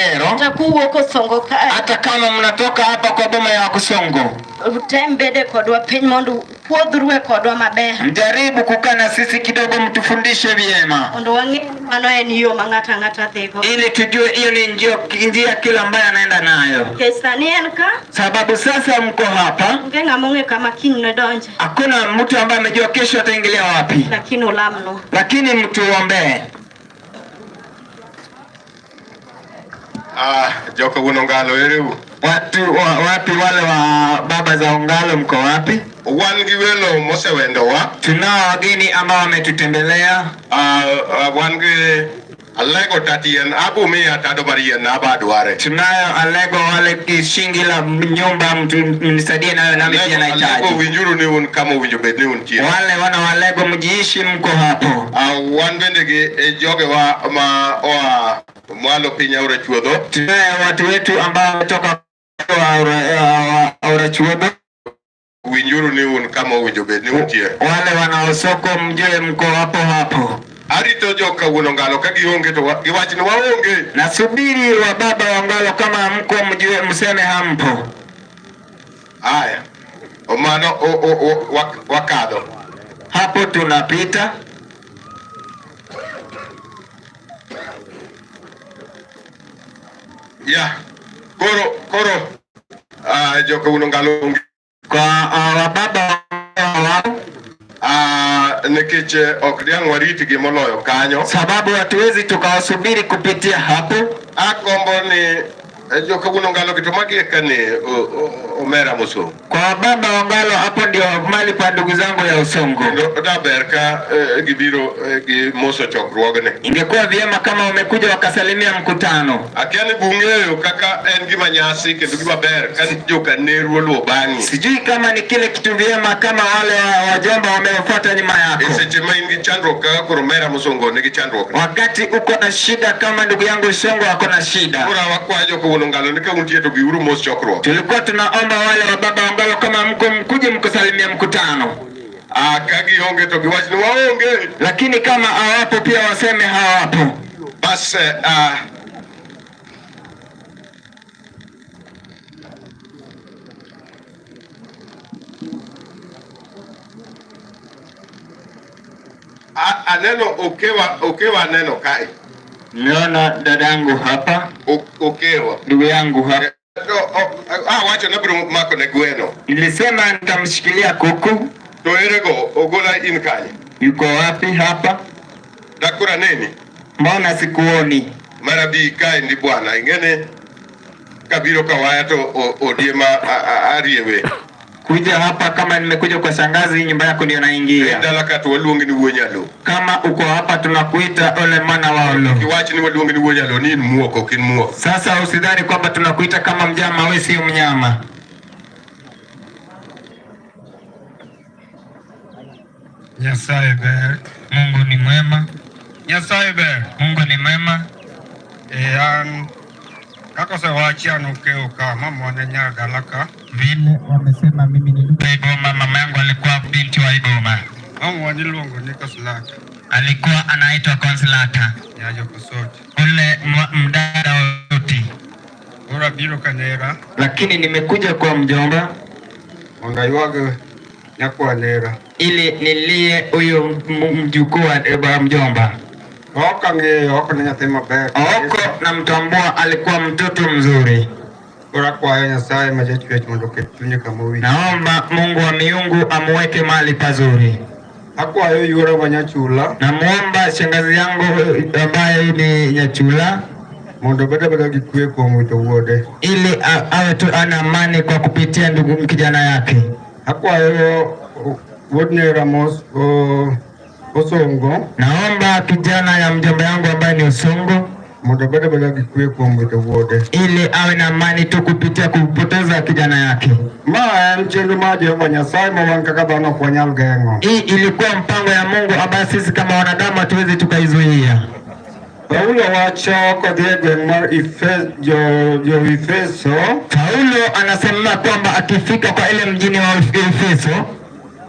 Kagero, atakuwa uko Songo kale. Hata kama mnatoka hapa kwa boma ya Kusongo, utembede kodwa piny mondo puodhruwe kodwa maber. Mjaribu kukaa na sisi kidogo, mtufundishe vyema, mondo wang'e mano en yo ma ng'ato dhigo, ili tujue hiyo ni njia kila ambaye anaenda nayo. Nikech en ka, sababu sasa mko hapa, onge ng'ama ong'e kama kiny donje Hakuna mtu ambaye amejua kesho ataingilia wapi, lakini ulamno, lakini mtuombee Ah, Joko uno ngalo ereu. Watu wa, wapi wale wa baba za Ongalo mko wapi? Wan gi welo mosewendowa. Tunao wageni ambao wametutembelea. Ah, uh, uh, wan gi alego tatien abu miya tado marien aba dware. Tunayo alego wale kishingi la nyumba mtu mnisaidie nayo nami na nahitaji. Alego winjuru ni un kama winjo bed ni un tie. Wale wana walego mjiishi mko hapo. Ah, uh, wan bende gi e eh, joge wa ma oa Mwalo piny aorachuodho watu wetu ambao wametoka aorachuodho eh, winjuru ni un kama owinjo bed ni untie. Wale wanaosoko mjue mko hapo hapo. Arito jok kawuono Ngalo ka gionge to giwach ni waonge. Nasubiri wa baba wa Ngalo kama mko mjue mseme hampo. Aya omano wakadho hapo tunapita ya koro koro uh, ah, joka unongalungi kwa uh, ah, wababa uh, ah, nikech eh, ok diang' waritgi moloyo kanyo, sababu hatuwezi tukawasubiri kupitia hapo. akombo ni ejo kabuno ngalo kitomaki kani omera muso kwa baba wangalo hapo ndio mali pa ndugu zangu ya Usongo ka eh, gibiro eh, gi moso chokruogne ingekuwa vyema kama umekuja wakasalimia mkutano akiani bung'eyo kaka en gima nyasi kendo gima ber ka joka neruo luo bang'i sijui kama ni kile kitu vyema kama wale wajomba wamefuata nyuma yako e seche ma in gi chandruok kaka koro mera musongo nigi chandruok wakati uko na shida kama ndugu yangu Usongo ako na shida koro wakwayo kono ni ndika untiyeto giuru mos Chokro. tulikuwa tunaomba wale wa baba ambao kama mko mkuje mkusalimia mkutano ah, ka gionge to giwach ni waonge, lakini kama hawapo pia waseme hawapo. Bas uh, ah. aneno okewa okewa neno kai Niona yangu hapa, ukewa ndugu yangu hapa. Oh, ah, ah, wacha nabiro mako ne gweno. Nilisema nitamshikilia kuku. To erego ogola in Yuko wapi hapa? Dakura nini? Mbona sikuoni? Mara bi kae ni bwana ingene kabiro kawaya to odiema ariewe kuja hapa kama nimekuja kwa shangazi nyumba yako ndio naingia. Endalaka tu waluongi ni wonyalo Kama uko hapa tunakuita ole mana waolo. Kiwachi ni waluongi ni wonyalo ni muoko kin muo. Sasa usidhani kwamba tunakuita kama mjama, wewe sio mnyama. Nyasaye be Mungu ni mwema. Nyasaye be Mungu ni mwema. Eh, gakosewacia nukiuka mamonenyaga laka vile wamesema mimi ni ndugu Iboma. Mama yangu alikuwa binti wa Iboma, mamonilungu ni Koslata, alikuwa anaitwa Konslata yajo Kosoti ule mdada oti ura biro kanera, lakini nimekuja kwa mjomba nyakuwa nera ili nilie huyo mjukuu wa mjomba Oko namtambua alikuwa mtoto mzuri. Naomba Mungu wa miungu amuweke mahali pazuri. Namwomba shangazi yangu eh, ambaye ni Nyachula mondo bedabedagikue kuom wito wuode ili awe tu ana amani kwa kupitia ndugu kijana yake. Akwayo wuodne Ramos Osongo. Naomba kijana ya mjomba yangu ambaye ni Usongo ili awe na amani tu kupitia kupoteza kijana yake. Hii ilikuwa mpango ya Mungu ambaye sisi kama wanadamu hatuwezi tukaizuia. Paulo Paulo anasema kwamba akifika kwa ile mjini wa Efeso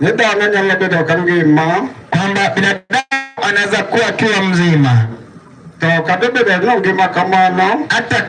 muda wa nani aliyebeba ukamgima kwamba binadamu anaweza kuwa kila mzima tokabebeda ugima kamano hata